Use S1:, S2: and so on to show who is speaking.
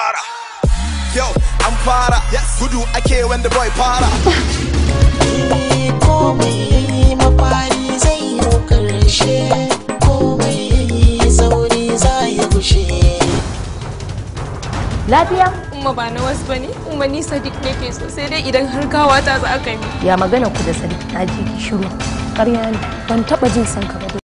S1: fara
S2: yau an fara gudu ake
S3: wanda boy fara komai mafari zai yi
S4: lafiya umma ba na wasu bane umma ni sadiq ke so
S5: sai dai idan har kawata za a kai.
S6: ya magana ku da sadiq ta ji shiru ƙarya ne ban taba jin san ka ba